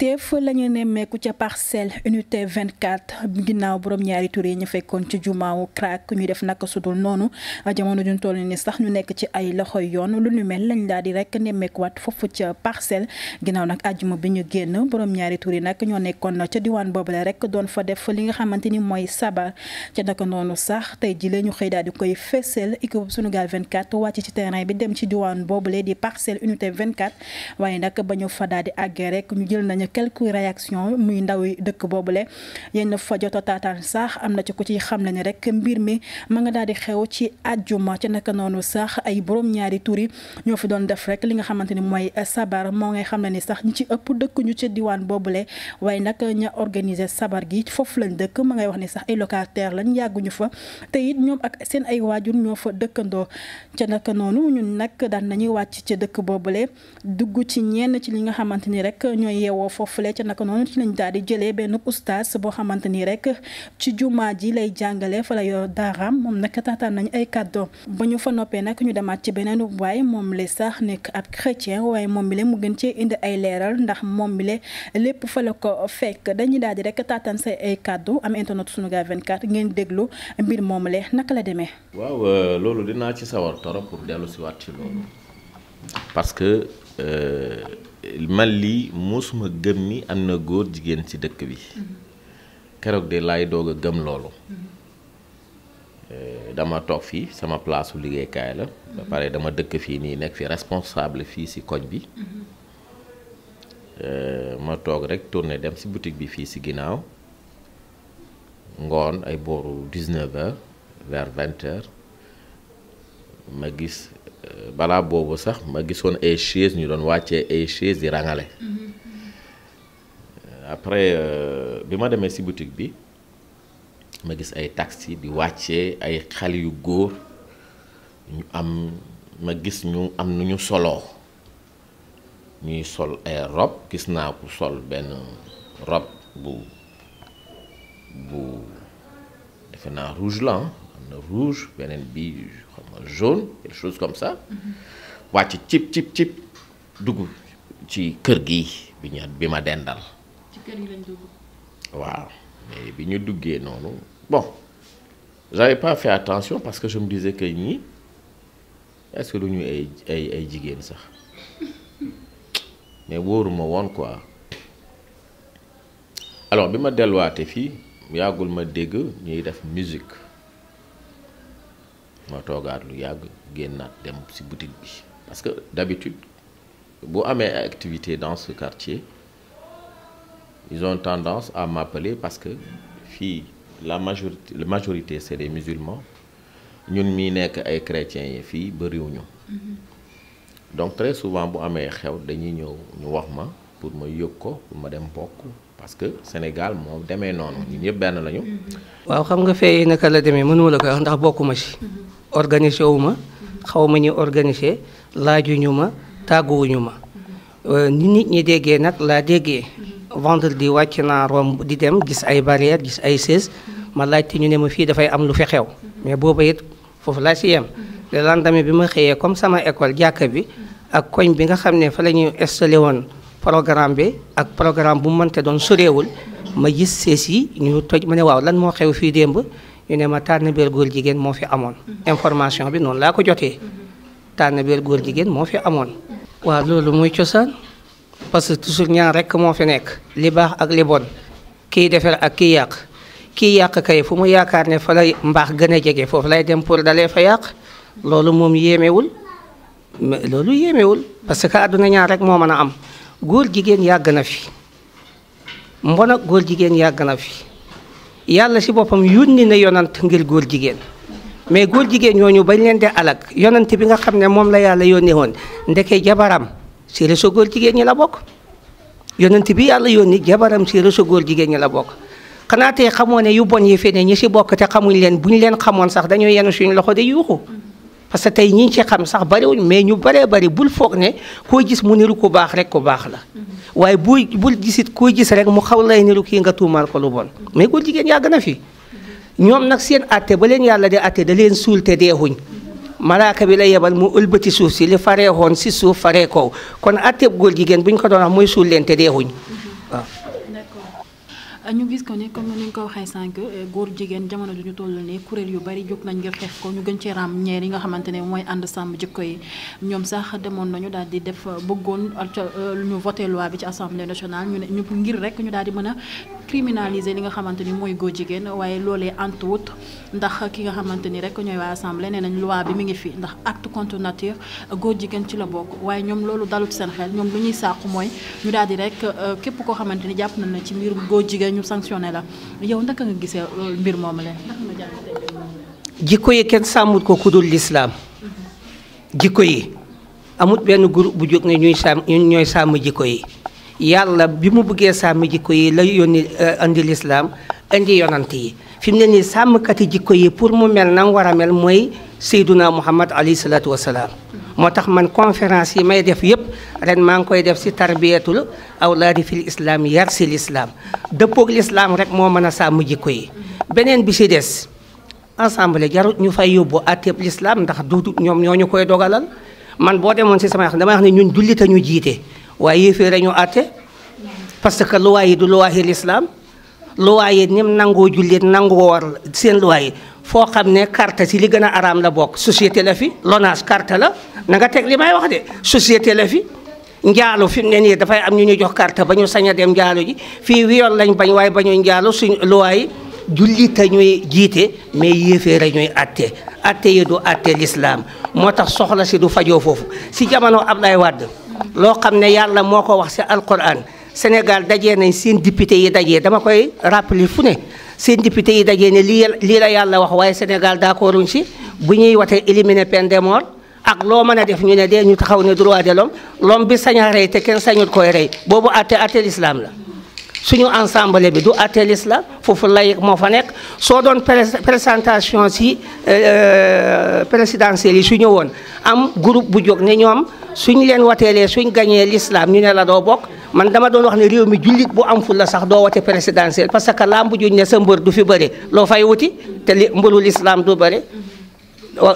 ñaawteef la ñu nemmeeku ca parcelle unité 24 ginnaaw borom ñaari tur yi ñu fekkoon ci jumaawu CRAC ñu def naka sudul noonu jamono juñ toll ni sax ñu nekk ci ay loxoy yoon lu ñu mel lañ daal di rek nemmeekuwaat foofu ca parcelle ginnaaw nag àjjuma bi ñu génn borom ñaari tur yi nag ñoo nekkoon ca diwaan boobule rek doon fa def fa li nga xamante ni mooy sabar ca naka noonu sax tey jii la ñu xëy daal di koy feseel équipe Sunugal 24 wàcc ci terrain bi ci diwaan boobule di parcelle unité 24 waaye nag ba ñu fa quelques réactions muy ndaw yi dëkk boobule yéen fa jot a taataan sax am na ci ko ciy xamle ni rek mbir mi ma nga daal di xew ci àjjuma ci naka noonu sax ay boroom ñaari tur ñoo fi doon def rek li nga xamante ni mooy sabar moo ngay xamle ni sax ñi ci ëpp dëkk ñu ci diwaan boobule waaye nag ña organiser sabar gi foofu lañ dëkk ma ngay wax ni sax ay locataire lañ yàgguñu fa te it ñoom ak seen ay waajur ñoo fa dëkkandoo ca naka noonu ñun nag daan nañu wàcc ci dëkk boobule dugg ci ñenn ci li nga xamante ni ñooy yeewoo foofule ca naka noonu ci lañ daal di jëlee benn oustaz boo xamante nii rek ci jumaa ji lay jàngale fa la yor daaraam moom nag taxtaan nañ ay kàddoom ba ñu fa noppee nag ñu demaat ci beneen waaye moom la sax nekk ab chrétien waaye moom bi le mu gën cee indi ay leeral ndax moom bi le lépp fa la ko fekk dañuy daal di rek tataan say ay kàddu am internet Sunugal 24 ngeen déglu mbir moom lee naka la demee. waaw euh, loolu dinaa ci sawar torop pour si waat ci loolu man lii mosuma gëm ni am na góor jigéen ci dëkk bi keroog de laay doog a gëm loolu euh, dama toog fii sama palaasu liggéeykaay la ba pare dama dëkk fii nii nekk fi responsable fii ci koñ bi euh, ma toog rek tourné dem ci butik bi fii ci ginnaaw ngoon ay booru 19 heures vers ma gis Euh, balaa boobu sax ma gisoon ay chaise ñu doon wàccee ay chaise di rangale euh, après euh, bi ma demee ci boutique bi ma gis ay taxi di wàccee ay xale yu góor ñu am ma gis ñu am nu ñu soloo ñuy sol ay robe gis naa ku sol benn rob bu bu defe naa rouge la am na rouge beneen bi xam nga jaune quelque chose comme ça wàcc cip cip cip ci kër gi bi ñu bi ma dendal. ci waaw mais bi ñu duggee noonu bon j'avais pas fait attention parce que je me disais que ñii est du ñu ay ay jigéen sax mais wóoruma woon quoi alors bi ma delluwaate fii yàggul ma dégg ñuy def musique. ma toogaat lu yàgg génnaat dem ci boutique bi parce que d'habitude bu amee activité dans ce quartier ils ont tendance à m'appeler parce que fii la majorité la majorité c'est des musulmans ñun mi nekk ay chrétiens yi fii bariwuñu mm-hmm. donc très souvent bu amee xew dañuy ñëw ñu wax ma pour ma yëg ko pour ma dem bokk parce que Sénégal moo demee noonu ñun yëpp benn lañu. Mm-hmm. waaw xam nga fee naka la demee mënuma la ko wax ndax bokkuma ci. Mm-hmm. organisé wu ma xaw ma ñu organisé laajuñu ma tàgguwuñu ma euh, ni nit ñi déggee nag laa déggee vendredi wàcc naa romb di dem gis ay barrière gis ay sées ma laajte ñu ne ma fii dafay am lu fi xew mais booba it foofu laa si yem le lendemain bi ma xëyee comme sama école jàkka bi ak koñ bi nga xam ne fa la ñuy installé woon programme bi ak programme bu mante doon sorewul ma gis sées yi ñu toj ma ne waaw lan moo xew fii démb ñu ne ma tànnabéer góor jigéen moo fi amoon information bi noonu laa ko jotee tànnabéer góor jigéen moo fi amoon waaw loolu muy cosaan parce que toujours ñaar rek moo fi nekk li baax ak li bon kii defar ak kii yàq kii yàq kay fu mu yaakaar ne fa lay mbaax gën a jege foofu lay dem pour dalee fa yàq loolu moom yéemewul loolu yéemewul parce que àdduna ñaar rek moo mën a am góor jigéen yàgg na fi mbon góor jigéen yàgg na fi yàlla si boppam yónni na yonant ngir góor jigéen mais góor jigéen ñooñu bañ leen di alag yonant bi nga xam ne moom la yàlla yónnee woon ndeke jabaram si réseau góor jigéen ñi la bokk yonent bi yàlla yónni jabaram si réseau góor jigéen ñi la bokk xanaa tey xamoo ne yu bon yi fi ne ñi si bokk te xamuñ leen bu ñu leen xamoon sax dañoo yenu suñu loxo de yuuxu parce que tey ñi ci xam sax bariwuñ mais ñu baree bari bul foog ne koo gis mu niru ko baax rek ko baax la mm-hmm. waaye buy bul gisit koo gis rek mu xaw lay niru kii nga tuumaal ko lu bon mm-hmm. mais góor jigéen yàgg na fi mm-hmm. ñoom nag seen àtte ba leen yàlla de àtte da leen suul te deexuñ malaaka bi la yebal mu ëlbati suuf si li faree xoon si suuf faree kaw kon àtte góor jigéen bu ñu ko doon wax mooy suul leen te deexuñ waaw Ah, ñu gis ko ni comme ni nga ko waxee sànq eh, góor jigéen jamono ju ñu toll nii kuréel yu bari jóg nañ ngir xeex ko ñu gën cee raam ñeer yi nga xamante ne mooy ànd sàmm jikko yi ñoom sax demoon nañu daal di def eh, bëggoon eh, lu ñu voté loi bi ci assemblée nationale ñu ne ñu ngir rek ñu daal di mën a criminaliser li nga xamante ni mooy góor jigéen waaye loolee antuwut ndax ki nga xamante ni rek ñooy waa assemblée nee nañ loi bi mi ngi fi ndax acte contre nature góor jigéen ci la bokk waaye ñoom loolu dalut seen xel ñoom lu ñuy sàqu mooy ñu daal di rek képp koo xamante ni jàpp nañ na ci mbirum góor jigéen ñu sanctionné la yow euh, mbir moom la. jikko yi kenn sàmmut ko ku lislaam jikko yi amut benn groupe bu jóg ne ñuy sàmm sàmm jikko yi yàlla bi mu bëggee sàmm jikko yi la yónni euh, indi lislaam indi yonant yi fi mu ne nii sàmmkati jikko yi pour mu mel na war a mel mooy. Seyduna Muhammad alayhi salaatu wasalaam moo tax man conférence yi may def yëpp ren maa ngi koy def si tarbiyatul awlaadi fil islam yar si lislaam dëppook lislaam rek moo mën a sàmm jikko yi beneen bi si des assemblée jarut ñu fay yóbbu àtteeb l'islam ndax du ñoom ñoo ñu koy dogalal man boo demoon si sama wax dama wax ne ñun jullit a ñu jiite waaye yéefee dañu àtte parce que luwaa yi du luwaa yi l'islam luwaa yi nim nangoo jullit nangoo war seen foo xam ne carte si li gën a araam la bokk société la fi LONASE carte la nanga teg li may wax de société la fi njaalu fi mu ne nii dafay am ñu ñu jox carte ba ñu sañ a dem njaalu ji fii wiyoon lañ bañ waaye ba ñuy njaalu suñ loi yi jullit a ñuy jiite mais yéeféer a ñuy atte atte yi du atte l'islam moo tax soxla si du fajoo foofu si jamono Ablaye wàdd loo xam ne yàlla moo ko wax si alquran Sénégal daje nañ seen député yi dajee dama koy rappeler fu ne seen député yi dajee ne lii lii la yàlla wax waaye Sénégal d'accord uñ si bu ñuy watee éliminer peine de mort ak loo mën a def ñu ne dee ñu taxaw ne droit de l'homme l'homme bi sañ rey te kenn sañut koy rey boobu atte atte l'islam la suñu ensemble bi du àtte l'islam foofu lay moo fa nekk soo doon présentation si euh, euh, présidentielle yi su ñëwoon am groupe bu jóg ne ñoom suñ leen wateelee suñ gañee lislaam ñu ne la doo bokk man dama doon wax ne réew mi jullit bu am fu la sax doo wate présidentielle parce que lamb juñ ne sa mbër du fi bëri loo fay wuti te li mbëru l'islam du bëri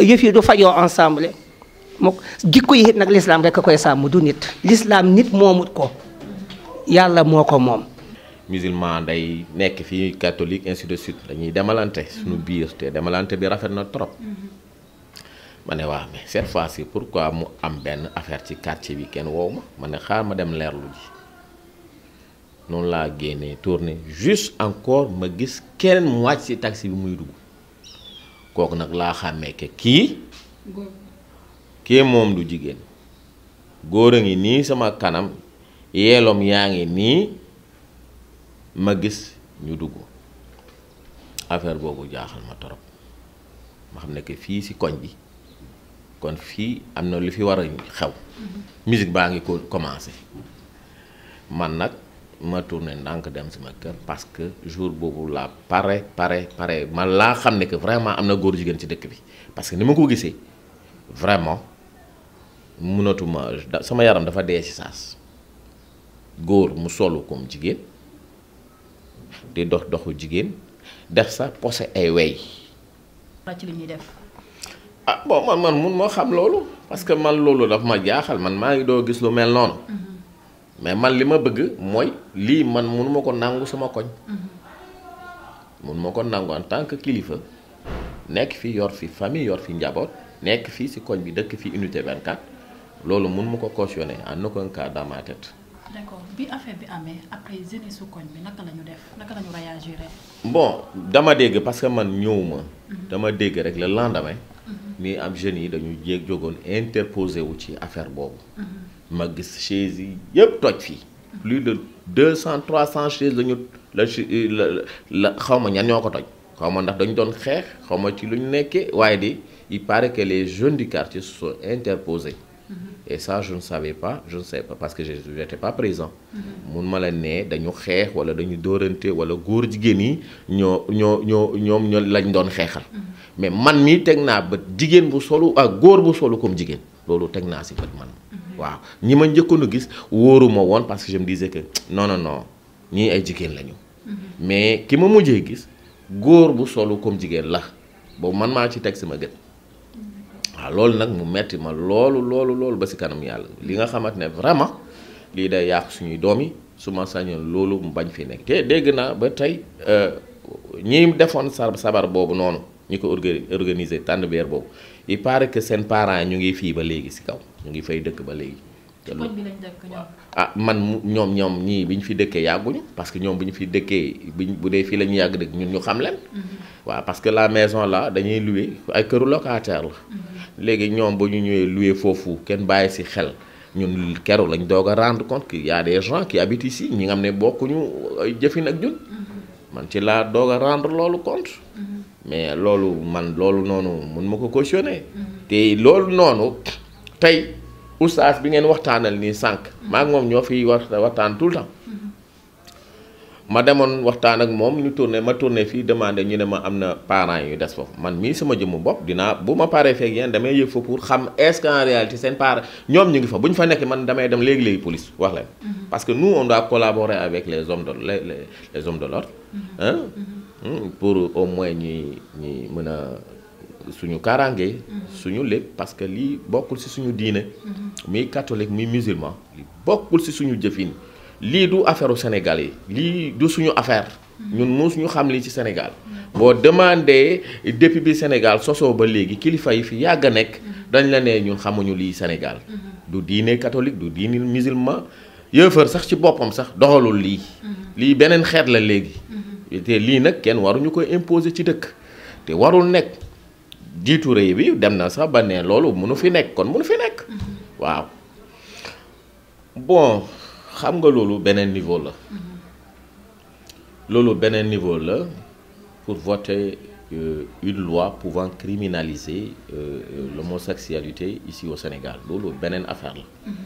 yëf du fajoo ensemble muk jikko yi nag l'islam rek koy sàmm du nit lislaam nit moomut ko yàlla moo ko moom musulman day nekk fii katolik ainsi de suite dañuy demalante suñu mm-hmm. biir te demalante bi rafet na trop mm-hmm. ma ne waaw mais cette fois pourquoi mu am benn affaire ci quartier bi kenn wow ma ma ne xaar ma dem leerlu ji noonu laa génnee tourné juste encore ma gis keneen mu wàcc ci taxi bi muy dugg kooku nag laa xàmmee ke kii kii moom du jigéen góor a ngi nii sama kanam yeeloom yaa ngi nii ma gis ñu dugg affaire boobu jaaxal ma torop ma xam ne que fii si koñ bi kon fii am na lu fi war a xew musique baa ngi ko commencé man nag ma tourné ndànk dem sama kër parce que jour boobu laa pare pare pare man laa xam ne que vraiment am na góor jigéen ci dëkk bi parce que ni ma ko gisee vraiment mënatuma sama yaram dafa dee si saas góor mu solu comme jigéen di dox doxu jigéen def sa posé ay wey. ci li ñuy def. ah man man mun moo xam loolu parce que man loolu daf ma jaaxal man maa ngi doo gis lu mel noonu. Mm-hmm. mais man li ma bëgg mooy lii man munu ma ko nangu suma koñ. Mm-hmm. munu ma ko nangu en tant que kilifa nekk fi yor fi famille yor fi njaboot nekk fii si koñ bi dëkk fi unité 24 loolu mun ma ko cautionner en aucun d'accord bi affaire bi amee après jeunesse su koñ bi naka la def naka la ñu réagir bon dama dégg parce que man ñëwuma. Mhm. dama dégg rek la lendemain. Mhm. nii am jeunes yi dañu jéeg jógoon interposé wu ci affaire boobu. Mhm. ma gis chaise yi yëpp toj fii. plus de deux cent trois cent chaises lañu euh, la la xaw ma ñan ñoo ko toj. xaw ma ndax dañu doon xeex xaw ma ci lu ñu nekkee waaye di il paraît que les jeunes du quartier se sont interposés. et sa je ne savais pas je ne sais pas parce que je n'étais pas présent. mun ma la nee dañu xeex wala dañu dóorante wala góor jigéen yi ñoo ñoo ñoo ñoom ñoo lañ doon xeexal. mais man mii teg naa bët jigéen bu solu ak ah, góor bu solu comme jigéen loolu teg naa si bët man. waaw ñi ma njëkkoon a gis wóoruma woon parce que je me disais que non ñii ay jigéen lañu. mais ki ma mujjee gis góor bu solu comme jigéen la boobu man maa ci teg sama gët. waaw loolu nag mu metti ma loolu loolu loolu ba si kanam yàlla li nga xamante ne vraiment lii day yàq suñuy doom yi suma ma sañoon loolu mu bañ fi nekk te dégg naa ba tey euh, ñi defoon sa sabar boobu noonu ñi ko organiser tànd beer boobu il paraît que seen parents ñu ngi fii ba léegi si kaw ñu ngi fay dëkk ba léegi ah man ñoom ñoom ñii bi ñu fi dëkkee yàgguñu parce que ñoom bi ñu fi dëkkee biñ bu dee fii la ñu yàgg dëkk ñun ñu xam leen mm-hmm. waa parce que la maison la dañuy louer ay këru locataire la mm-hmm. léegi ñoom ba ñu ñëwee loué foofu kenn bàyyi si xel ñu keroog lañ doog a rendre compte que y a des gens qui habitent ñi nga xam ne bokkuñu ay jëfin ak ñun mm-hmm. man ci laa doog a rendre loolu compte mm-hmm. mais loolu man loolu noonu mun ma ko cautionner mm-hmm. te loolu noonu tey oustaz bi ngeen waxtaanal ni sànq maa moom ñoo fiy waxtaan tout le ma demoon waxtaan ak moom ñu tourné ma tourné fii demandé ñu ne ma am na parent yu des foofu man mii sama jëmmu bopp dinaa bu ma paree feeg yéen damay yëg fa pour xam est-ce qu'en réalité seen parents ñoom ñu ngi fa bu ñu fa nekk man damay dem léegi-léegi police wax leen. Mhm. parce que nous on doit collaborer avec les hommes de les de l'ordre mhm. Mhm. Hmm? pour au moins ñuy ñuy mën a suñu kaaraange. suñu lépp parce que lii bokkul ci suñu diine. muy catholique muy musulman li bokkul ci suñu jëfin. lii du affaire u Sénégal yi lii du suñu affaire ñun muus ñu xam lii ci Sénégal boo demandé depuis bi Sénégal sosoo ba léegi kilifa yi fi yàgg a nekk dañ la ne ñun xamuñu lii Sénégal du diine katolik du diine musulman yëfër sax ci boppam sax doxalul lii lii beneen xeet la léegi te lii nag kenn waruñu ko imposer ci dëkk te warul nekk jiitu réew bi dem na sax ba ne loolu mënu fi nekk kon mënu fi nekk waaw bon xam nga loolu beneen niveau la mm-hmm. loolu beneen niveau la pour voter euh, une loi pouvant criminaliser euh, euh l'homosexualité ici au Sénégal loolu beneen affaire la mm-hmm.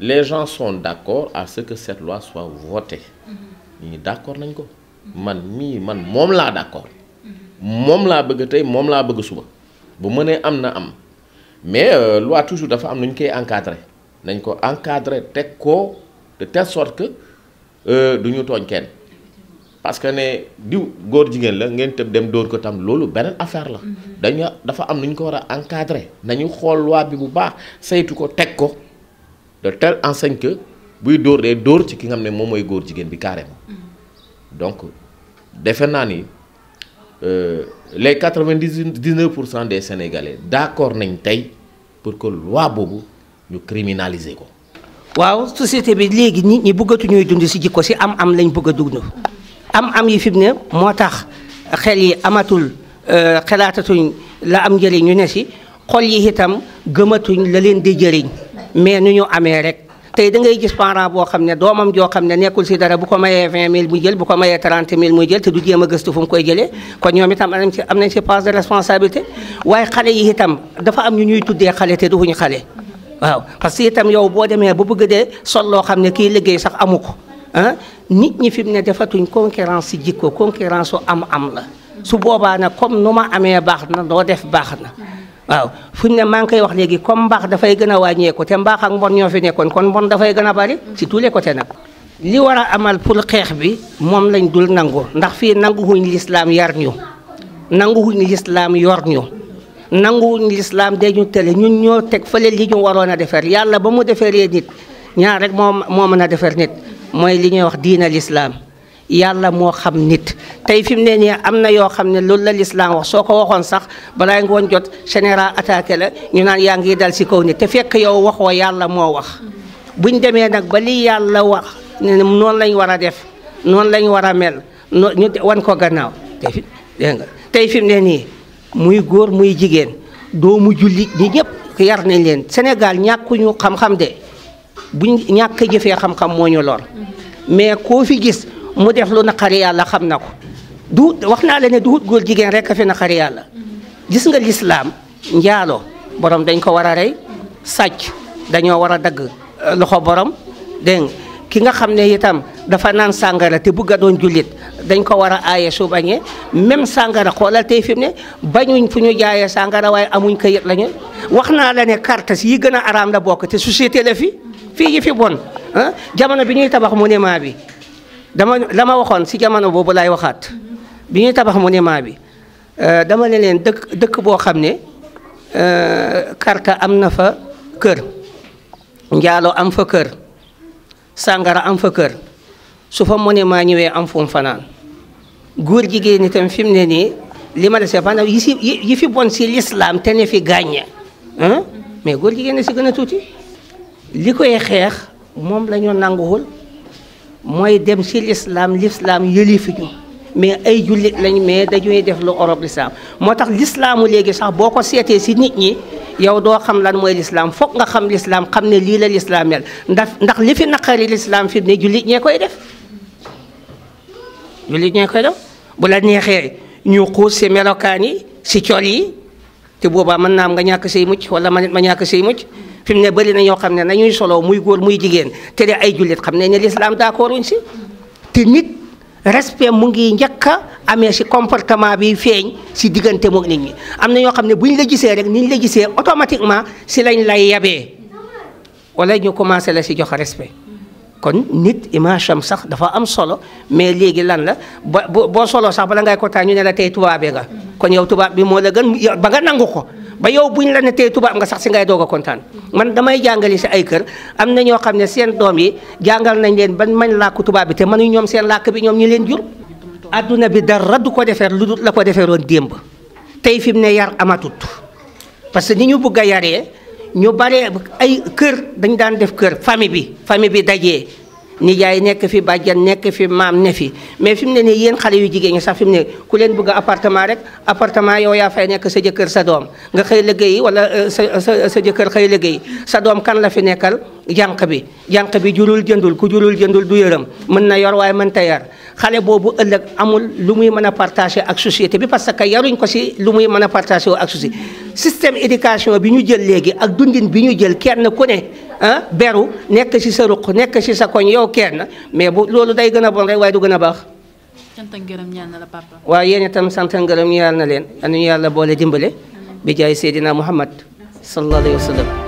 les gens sont d'accord à ce que cette loi soit votée mm-hmm. ñii d'accord nañ ko man mii man moom laa d'accord moom laa bëgg tey moom laa bëgg suba bu mënee am na am mais euh, loi toujours dafa am nu koy encadrer nañ ko encadrer teg ko de telle sorte que euh, du ñu tooñ kenn parce que ne diw góor jigéen la ngeen tëb dem dóor ko tam loolu beneen affaire la mm-hmm. dañu dafa am nu ko war a encadrer nañu xool loi bi bu baax saytu ko teg ko de telle enseigne que buy dóor dee dóor ci ki nga xam ne moom mooy góor jigéen bi carrément mm-hmm. donc defe naa ni euh, les quatre vingt dix neuf pour cent des sénégalais d' accord nañ tey pour que loi boobu ñu criminaliser ko. waaw société bi léegi nit ñi bëggatu ñuy dund si jikko si am-am lañ bëgg a dund am-am yi fi mu ne moo tax xel yi amatul euh, xelaatatuñ la am njëriñ ñu ne si xol yi itam gëmatuñ la leen di jëriñ mais nu ñu amee rek. tey da ngay gis parent boo xam ne doomam joo xam ne nekkul si dara bu ko mayee 20000 muy jël bu ko mayee 30000 muy jël te du jéem a gëstu fu mu koy jëlee ko ñoom itam am nañ si am nañ si part de responsabilité waaye xale yi itam dafa am ñu ñuy tuddee xale te duñu xale. waaw parce que itam yow boo demee bu bëgg dee sol loo xam ne kii liggéey sax amu ko ah nit ñi fi mu ne defatuñ concurrence si jikko concurrence su am-am la su boobaa na comme nu ma amee baax na doo def baax na waaw fu ñu ne maa ngi koy wax léegi comme mbaax dafay gën a wàññeeku te mbaax ak mbon ñoo fi nekkoon kon mbon dafay gën a bari ci tous les côtés nag li war a amal pour xeex bi moom lañ dul nangu ndax fii nanguwuñ lislaam yar ñu nanguwuñ lislaam yor ñu nanguwuñ lislaam de ñu tële ñun ñoo teg fële li ñu waroon a defar yàlla ba mu defaree nit ñaar rek moo moo mën a defar nit mooy li ñuy wax diina lislaam yàlla moo xam nit tey fi mu ne nii am na yoo xam ne loolu la lislaam wax soo ko waxoon sax balaa ngoon jot général attaqué la ñu naan yaa ngi dal ci kaw nit te fekk yow waxoo yàlla moo wax bu ñu demee nag ba li yàlla wax ne noonu lañ war a def noonu lañ war a mel ñu wan ko gannaaw tey fi ne nii muy góor muy jigéen doomu jullit ñi ñëpp yar nañ leen senegal ñàkkuñu xam-xam de bu ñàkk a jëfee xam-xam moo ñu lor mais koo fi gis mu def lu naqari yàlla xam na ko du wax naa la ne duut góor jigéen rek a fi naqari yàlla gis nga lislaam njaalo borom dañ ko war a rey sàcc dañoo war a dagg eh, loxo borom dégg ki nga xam ne itam dafa naan sàngara te bugg a doon jullit dañ ko war a aaye su bañee même sàngara xoolal tey fi mu ne bañuñ fu ñu jaayee sàngara waaye amuñ kayit lañu wax naa la ne carte yi gën a araam la bokk te société la fi fii yi fi bon ah jamono bi ñuy tabax monument bi dama la waxoon si jamono boobu laay waxaat bi ñuy tabax monument bi euh, dama ne leen dëkk dëkk boo xam ne carte euh, am na fa kër njaalo am fa kër sàngara am fa kër su fa maa ñëwee am fu fanaan góor jigéen itam fi mu ne nii li ma dese maanaam yi si yi fi bon si lislaam te ne fi gàññe mais góor jigéen na si gën a tuuti li koy xeex moom la ñu nanguwul mooy dem si lislaam lislaam yëlifi ñu mais ay jullit lañ mais dañuy def lu Europe lislaam moo tax lislaamu léegi sax boo ko seetee si nit ñi yow doo xam lan mooy lislaam foog nga xam lislaam xam ne lii la lislaam ndax ndax li fi naqari lislaam fi mu ne jullit ñee koy def jullit ñee koy def bu la neexee ñu xuus si melokaan yi si col yi te boobaa mën naa nga ñàkk say mucc wala ma ma ñàkk say mucc fi mu ne bëri na ñoo xam ne nañuy solo muy góor muy jigéen te de ay jullit xam ne ne lislaam d'accord wuñ si te nit respect mu ngi njëkk a amee si comportement bi feeñ si diggante moog nit ñi am na ñoo xam ne bu ñu la gisee rek ni ñu la gisee automatiquement si lañ lay yabee wala ñu commencé la si jox respect kon nit image am sax dafa am solo mais léegi lan la boo boo solo sax bala ngay ko taa ñu ne la tey tubaabee nga kon yow tubaab bi moo la gën ba nga nangu ko ba yow buñ la ne tey tubaab nga sax si ngay doog a kontaan man damay jàngali si ay kër am na ñoo xam ne seen doom yi jàngal nañ leen ban mañ làkk tubaab bi te man mënuñ ñoom seen làkk bi ñoom ñu leen jur adduna bi dara du ko defeer lu dul la ko defeeroon démb tey fi ne yar amatut parce que ni ñu bare ay kër dañ daan def kër famille bi famille bi dajee nijaay nekk fi bàjjan nekk fi maam ne fi mais fi mu ne nii yéen xale yu jigéen ñi sax fi mu ne ku leen bëgg appartement rek appartement yow yaa fay nekk sa jëkkër sa doom nga xëy liggéey wala euh, sa sa sa jëkkër xëy liggéey sa doom kan la fi nekkal jànq bi jànq bi jurul jëndul ku jurul jëndul du yërëm mën na yor waaye mën ta yar xale boobu ëllëg amul lu muy mën a partagé ak société bi parce que yaruñ ko si lu muy mën a partagé ak société système éducation bi ñu jël léegi ak dundin bi ñu jël kenn ku ne ah beru nekk si sa ruq nekk si sa koñ yow kenn mais bu loolu day gën a bon rek waaye du gën a baax. sant ak ngërëm ñaan na la papa. waaye yéen itam sant ak ngërëm na leen. anu ñu yàlla boole dimbale. bi jaay Seydina Muhammad sallallahu alayhi